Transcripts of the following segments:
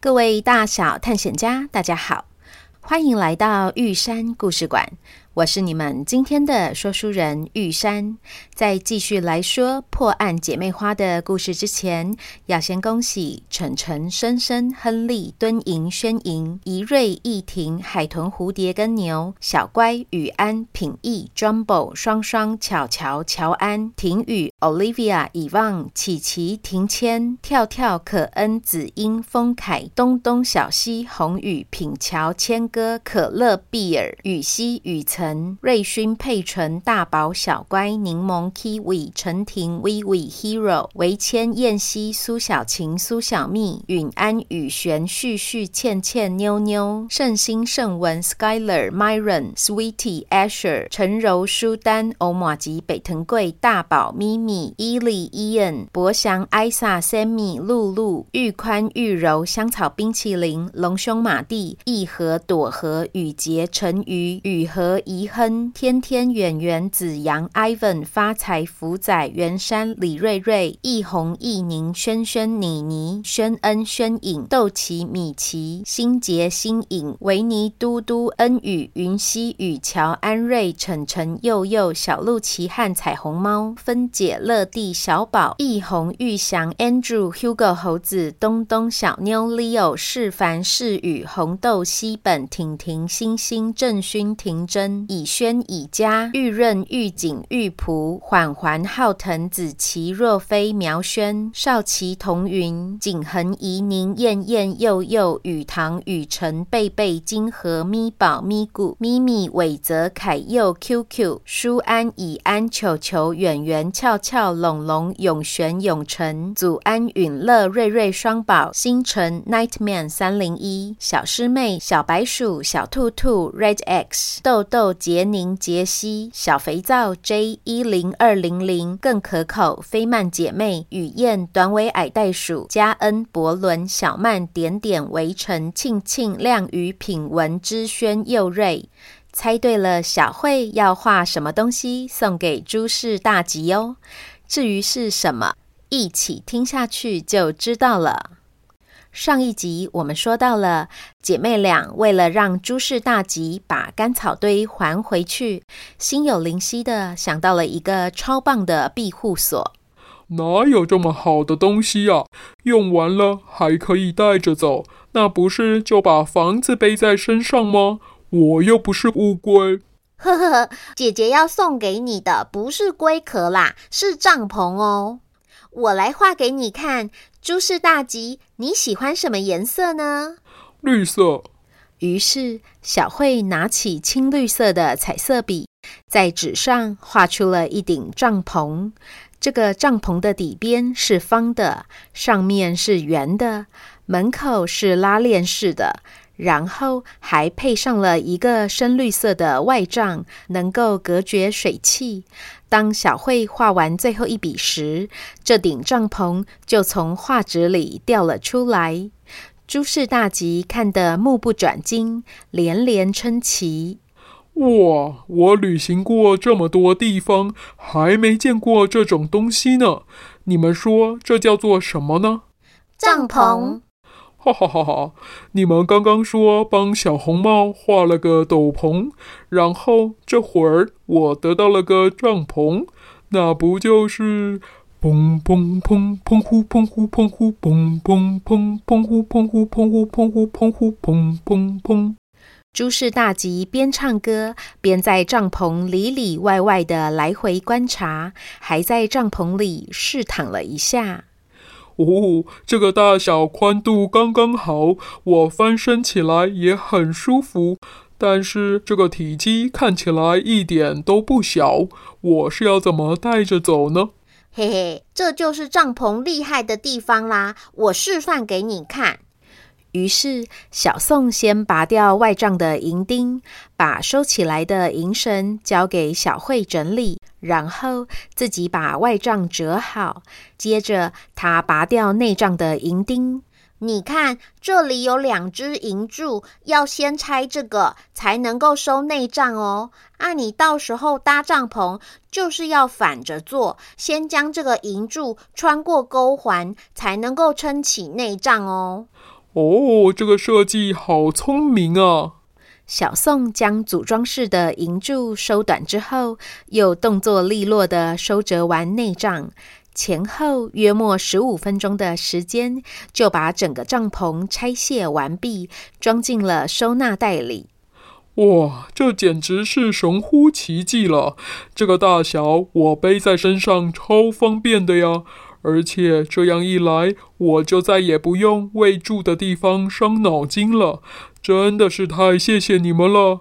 各位大小探險家，大家好，歡迎來到玉山故事館。我是你們今天的說書人玉山，在繼續來說破案姐妹花的故事之前，要先恭喜晨晨、深深、亨利、敦瑩、宣瑩、一瑞、一婷、海豚、蝴蝶、跟牛、小乖、雨安、品義、Jumbo 雙雙、巧喬、喬、喬安、婷雨、Olivia、以忘、琪琪、庭遷、跳跳、可恩、子英、豐凱、東東、小西、紅雨、品喬、千歌、可樂、碧兒、雨西、雨晨、雨晨瑞勳、佩純、大寶、小乖、檸檬、Kiwi、陳婷、Vivi、Hero、維謙、燕西、蘇小晴、蘇小蜜、允安、宇璇、旭旭、倩倩、妞妞、盛興、盛文、Skyler、Myron、Sweetie、Asher、陳柔、舒丹、歐馬吉、北藤貴、大寶、咪咪、Eli、Ian、博祥、艾薩、Sammy、露露、玉寬、玉柔、香草冰淇淋、隆胸馬蒂、一、和、朵和、雨潔、陳瑜、雨和。怡亨、天天、遠、遠、子陽、Ivan 發、發財、福仔、袁山、李瑞瑞、易紅、易寧、軒軒、妮妮、軒恩、軒穎、豆奇、米奇、新傑、新穎、維尼、嘟嘟、恩宇、雲溪、雨喬、安瑞、晨晨、佑佑、小鹿奇、和彩虹貓、分解樂蒂、小寶、易紅、玉祥、Andrew、Hugo、猴子、東東、小妞、Leo、是凡、是宇、紅豆、西本、婷婷、星星、正勳、婷真。以軒以家、以嘉、玉潤、玉錦、玉璞、緩緩、浩騰、紫琪、若飛、苗軒、少奇、同雲、景恆、怡寧、燕燕、佑佑、雨棠、雨辰、貝貝、金河咪咕咕、咪寶、咪谷、咪咪、偉澤、凱佑、QQ、舒安、以安、球球、遠遠、俏俏、龍龍、永璇、永辰、祖安、允樂、瑞瑞、雙寶、星辰、Nightman 三零一、小師妹、小白鼠、小兔兔、Red X、豆豆。傑寧、傑西、小肥皂、J 一零二零零、更可口、菲曼姐妹、雨燕、短尾矮袋鼠、加恩、伯倫、小曼、點點、圍城、慶慶、亮宇、品文、之軒、又瑞。猜對了。小慧要畫什麼東西送給諸事大吉哦？至於是什麼，一起聽下去就知道了。上一集我們說到了姐妹倆為了讓諸事大吉把乾草堆還回去，心有靈犀的想到了一個超棒的庇護所。哪有這麼好的東西呀？用完了還可以帶着走，那不是就把房子背在身上嗎？我又不是烏龜。呵呵呵，姐姐要送給你的不是龜殼啦，是帳篷哦。我來畫給你看。諸事大吉，你喜歡什麼顏色呢？綠色。於是小慧拿起青綠色的彩色筆，在紙上畫出了一頂帳篷。這個帳篷的底邊是方的，上面是圓的，門口是拉鏈式的。然後還配上了一個深綠色的外帳，能夠隔絕水汽。當小慧畫完最後一筆時，這頂帳篷就從畫紙裡掉了出來。諸事大吉看得目不轉睛，連連稱奇：“哇！我旅行過這麼多地方，還沒見過這種東西呢。你們說這叫做什麼呢？帳篷。”哈哈哈！哈，你們剛剛說幫小紅帽畫了個斗篷，然後這會兒我得到了個帳篷，那不就是砰砰砰砰呼砰呼砰呼砰呼砰，砰砰砰呼砰呼砰呼砰呼砰呼砰呼砰，呼砰砰！諸事大吉邊唱歌邊在帳篷裡裡外外的來回觀察，還在帳篷裡試躺了一下。嗚、哦，這個大小寬度剛剛好，我翻身起來也很舒服。但是這個體積看起來一點都不小，我是要怎麼帶着走呢？嘿嘿，這就是帳篷厲害的地方啦！我示範給你看。於是，小宋先拔掉外帳的營釘，把收起來的營繩交給小慧整理，然後自己把外帳折好。接着，他拔掉內帳的營釘。你看，這裡有兩只營柱，要先拆這個才能夠收內帳哦。啊，你到時候搭帳篷就是要反着做，先將這個營柱穿過鈎環，才能夠撐起內帳哦。哦，這個設計好聰明啊！小宋將組裝式的營柱收短之後，又動作利落的收折完內帳，前後約莫十五分鐘的時間，就把整個帳篷拆卸完畢，裝進了收納袋裡。哇，這簡直是神乎其技了！這個大小，我背在身上超方便的呀！而且這樣一來，我就再也不用為住的地方傷腦筋了。真的是太謝謝你們了！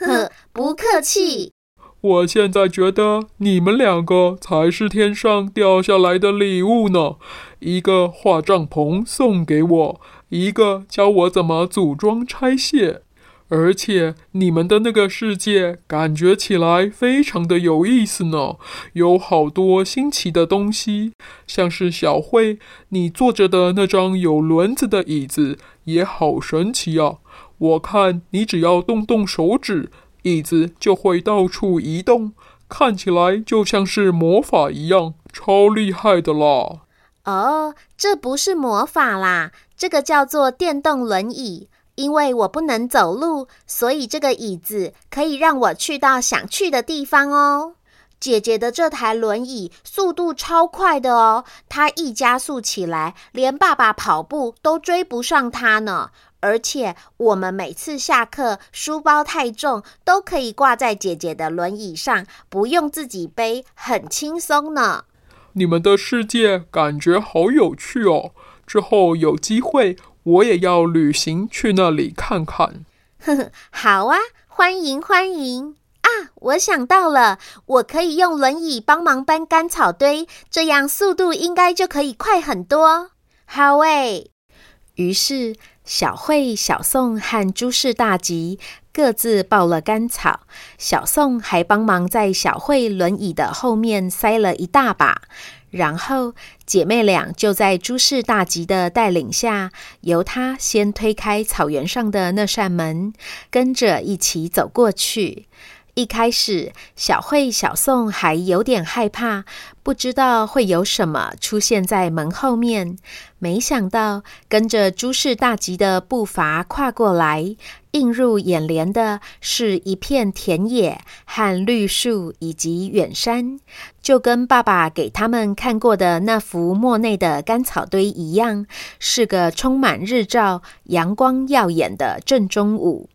哼，不客氣。我現在覺得你們兩個才是天上掉下來的禮物呢。一個畫帳篷送給我，一個教我怎麼組裝拆卸。而且你們的那個世界感覺起來非常的有意思呢，有好多新奇的東西，像是小慧，你坐着的那張有輪子的椅子也好神奇啊！我看你只要動動手指，椅子就會到處移動，看起來就像是魔法一樣，超厲害的啦！哦，這不是魔法啦，這個叫做電動輪椅。因為我不能走路，所以這個椅子可以讓我去到想去的地方哦。姐姐的這台輪椅速度超快的哦，它一加速起來，連爸爸跑步都追不上它呢。而且我們每次下課，書包太重都可以掛在姐姐的輪椅上，不用自己背，很輕鬆呢。你們的世界感覺好有趣哦，之後有機會。我也要旅行去那裡看看。呵呵，好啊，歡迎歡迎啊！我想到了，我可以用輪椅幫忙搬乾草堆，這樣速度應該就可以快很多。好欸！於是小慧、小宋和諸事大吉各自抱了乾草，小宋還幫忙在小慧輪椅的後面塞了一大把。然後，姐妹倆就在諸事大吉的帶領下，由他先推開草原上的那扇門，跟着一起走過去。一開始，小慧、小宋還有點害怕，不知道會有什麼出現在門後面。沒想到，跟着諸事大吉的步伐跨過來，映入眼簾的是一片田野和綠樹以及遠山，就跟爸爸給他們看過的那幅莫內的乾草堆一樣，是個充滿日照、陽光耀眼的正中午。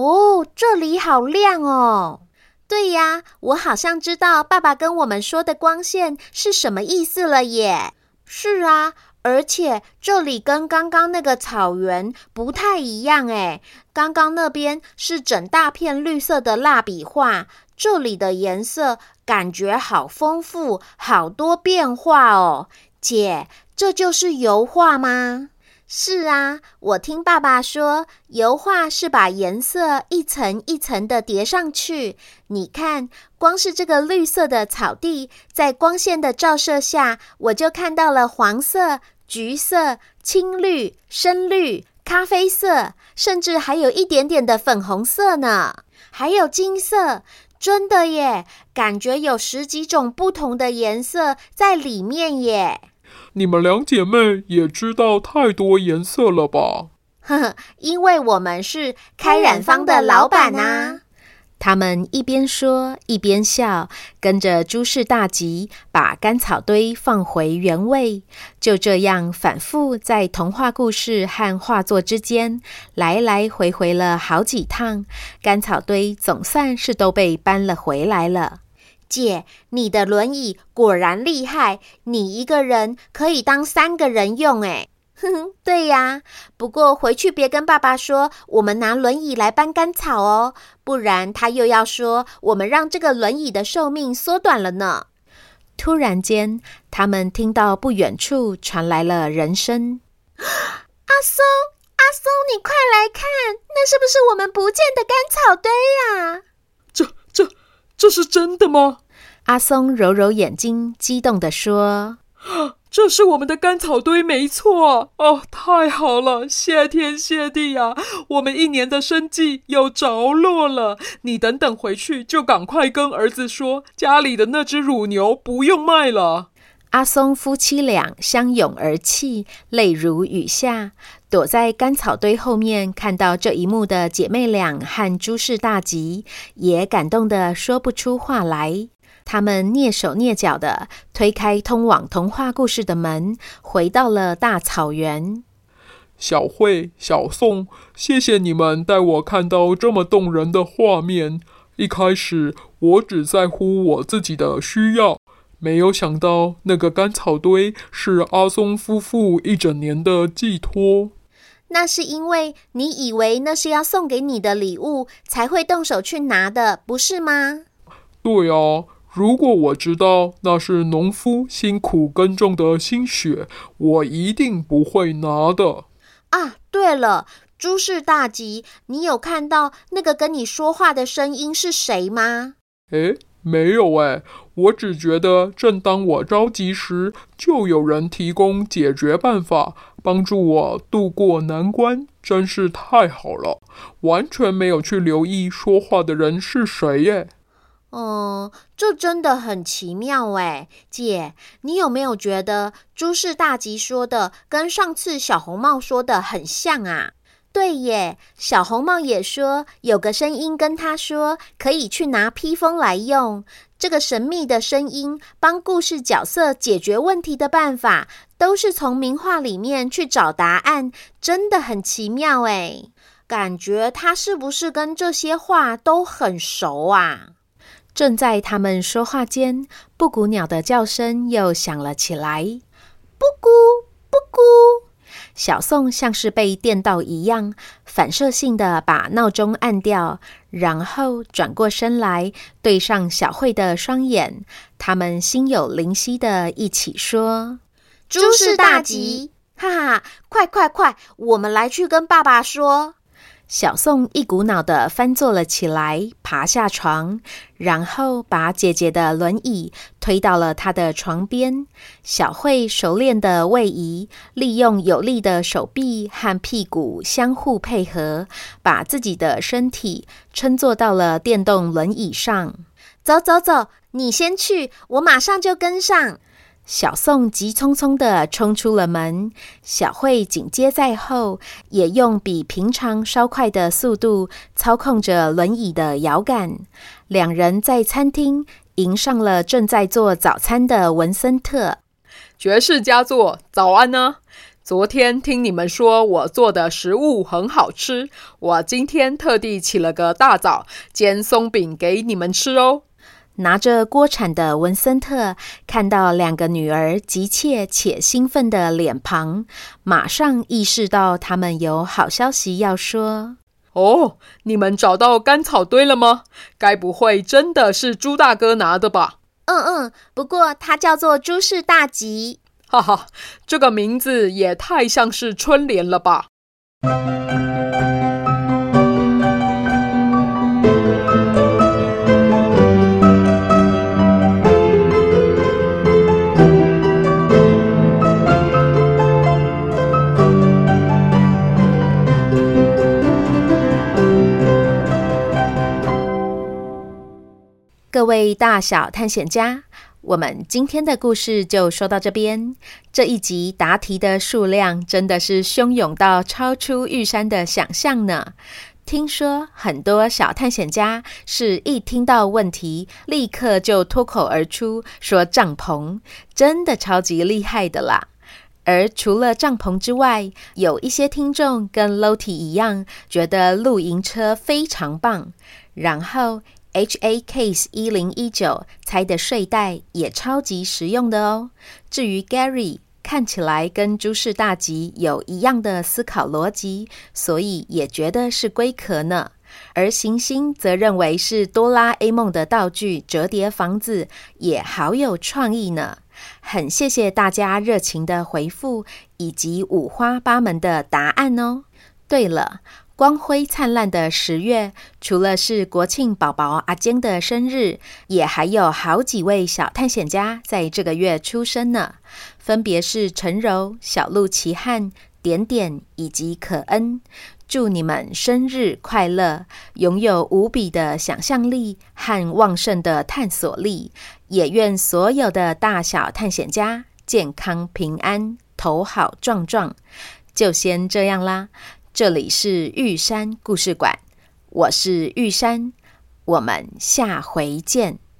哦，這裡好亮哦！對呀，我好像知道爸爸跟我們說的光線是什麼意思了耶。是啊，而且這裡跟剛剛那個草原不太一樣耶。剛剛那邊是整大片綠色的蠟筆畫，這裡的顏色感覺好豐富，好多變化哦。姐，這就是油畫嗎？是啊，我聽爸爸說，油畫是把顏色一層一層的疊上去。你看，光是這個綠色的草地，在光線的照射下，我就看到了黃色、橘色、青綠、深綠、咖啡色，甚至還有一點點的粉紅色呢。還有金色，真的耶，感覺有十幾種不同的顏色在裡面耶。你們兩姐妹也知道太多顏色了吧？呵呵，因為我們是開染坊的老闆吶、啊。他們一邊說一邊笑，跟着諸事大吉，把乾草堆放回原位。就這樣反覆在童話故事和畫作之間來來回回了好幾趟，乾草堆總算是都被搬了回來了。姐，你的輪椅果然厲害，你一個人可以當三個人用誒？哼哼，對呀。不過回去別跟爸爸說，我們拿輪椅來搬乾草哦，不然他又要說我們讓這個輪椅的壽命縮短了呢。突然間，他們聽到不遠處傳來了人聲：“阿松，阿松，你快來看，那是不是我們不見的乾草堆呀？”這是真的嗎？阿松揉揉眼睛，激動地說：“這是我們的乾草堆，沒錯！哦，太好了，謝天謝地呀！我們一年的生計有着落了。你等等回去，就趕快跟兒子說，家裡的那隻乳牛不用賣了。”阿松夫妻倆相擁而泣，淚如雨下。躲在乾草堆後面看到這一幕的姐妹倆和諸事大吉也感動得說不出話來。他們躡手躡腳地推開通往童話故事的門，回到了大草原。小慧、小宋，謝謝你們帶我看到這麼動人的畫面。一開始我只在乎我自己的需要。沒有想到，那個乾草堆是阿松夫婦一整年的寄託。那是因為你以為那是要送給你的禮物，才會動手去拿的，不是嗎？對啊，如果我知道那是農夫辛苦耕種的心血，我一定不會拿的。啊，對了，諸事大吉，你有看到那個跟你說話的聲音是誰嗎？誒。沒有哎、欸，我只覺得正當我着急時，就有人提供解決辦法，幫助我度過難關，真是太好了。完全沒有去留意說話的人是誰耶、欸。嗯，這真的很奇妙哎、欸，姐，你有沒有覺得諸事大吉說的跟上次小紅帽說的很像啊？對耶，小紅帽也說有個聲音跟他說，可以去拿披風來用。這個神秘的聲音幫故事角色解決問題的辦法，都是從名畫裡面去找答案，真的很奇妙哎！感覺他是不是跟這些畫都很熟啊？正在他們說話間，布谷鳥的叫聲又響了起來，布谷布谷。不小宋像是被電到一樣，反射性的把鬧鐘按掉，然後轉過身來，對上小慧的雙眼。他們心有靈犀的，一起說：“諸事大吉！”哈哈，快快快，我們來去跟爸爸說。小宋一股腦的翻坐了起來，爬下床，然後把姐姐的輪椅推到了她的床邊。小慧熟練的位移，利用有力的手臂和屁股相互配合，把自己的身體撐坐到了電動輪椅上。走走走，你先去，我馬上就跟上。小宋急匆匆地衝出了門，小慧緊接在後，也用比平常稍快的速度操控着輪椅的搖桿。兩人在餐廳迎上了正在做早餐的文森特。爵士佳作，早安呢、啊！昨天聽你們說我做的食物很好吃，我今天特地起了個大早，煎鬆餅給你們吃哦。拿着鍋鏟的文森特看到兩個女兒急切且興奮的臉龐，馬上意識到他們有好消息要說。哦，你們找到乾草堆了嗎？該不會真的是豬大哥拿的吧？嗯嗯，不過他叫做“諸事大吉”。哈哈，這個名字也太像是春聯了吧。嗯各位大小探險家，我們今天的故事就說到這邊。這一集答題的數量真的是洶湧到超出玉山的想象呢。聽說很多小探險家是一聽到問題立刻就脫口而出說帳篷，真的超級厲害的啦。而除了帳篷之外，有一些聽眾跟 Loti 一樣，覺得露營車非常棒。然後。H A Case 一零一九，猜的睡袋也超級實用的哦。至於 Gary，看起來跟諸事大吉有一樣的思考邏輯，所以也覺得是龜殼呢。而行星則認為是哆啦 A 夢的道具摺疊房子，也好有創意呢。很謝謝大家熱情的回復以及五花八門的答案哦。對了。光輝燦爛的十月，除了是國慶寶寶阿堅的生日，也還有好幾位小探險家在這個月出生呢，分別是陳柔、小鹿奇漢、點點以及可恩。祝你們生日快樂，擁有無比的想象力和旺盛的探索力，也願所有的大小探險家健康平安，頭好壯壯。就先這樣啦。這裡是玉山故事館，我是玉山，我們下回見。